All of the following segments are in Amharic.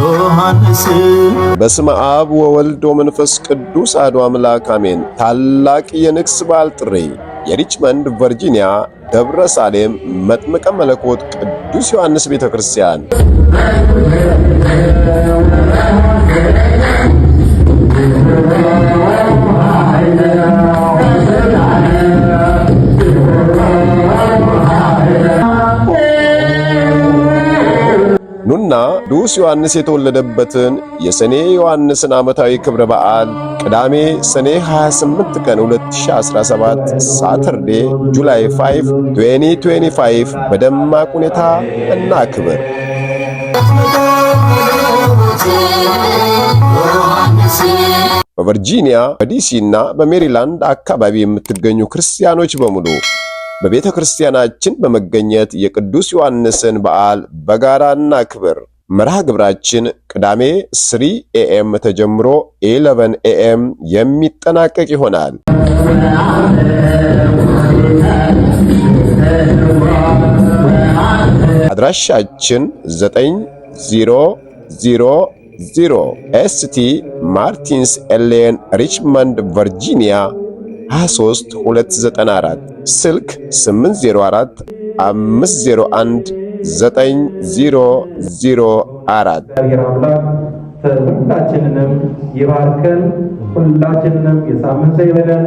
ዮሐንስ። በስመ አብ ወወልድ ወመንፈስ ቅዱስ አሐዱ አምላክ አሜን። ታላቅ የንግሥ በዓል ጥሪ የሪችመንድ ቨርጂኒያ ደብረ ሳሌም መጥምቀ መለኮት ቅዱስ ዮሐንስ ቤተ ክርስቲያን ይሁንና ቅዱስ ዮሐንስ የተወለደበትን የሰኔ ዮሐንስን ዓመታዊ ክብረ በዓል ቅዳሜ ሰኔ 28 ቀን 2017 ሳተርዴ ጁላይ 5 2025 በደማቅ ሁኔታ እናክብር። በቨርጂኒያ በዲሲ እና በሜሪላንድ አካባቢ የምትገኙ ክርስቲያኖች በሙሉ በቤተ ክርስቲያናችን በመገኘት የቅዱስ ዮሐንስን በዓል በጋራ እናክብር። መርሃ ግብራችን ቅዳሜ 3 ኤኤም ተጀምሮ 11 ኤኤም የሚጠናቀቅ ይሆናል። አድራሻችን 9000 ኤስቲ ማርቲንስ ኤሌን ሪችመንድ ቨርጂኒያ 23 294 ስልክ 804 501 9004 ሁላችንንም ይባርከን። ሁላችንንም የሳምንት ይበለን።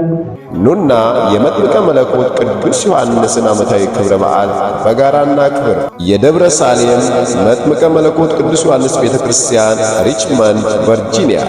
ኑና የመጥምቀ መለኮት ቅዱስ ዮሐንስን ዓመታዊ ክብረ በዓል በጋራና ክብር የደብረ ሳሌም መጥምቀ መለኮት ቅዱስ ዮሐንስ ቤተ ክርስቲያን ሪችመንድ ቨርጂኒያ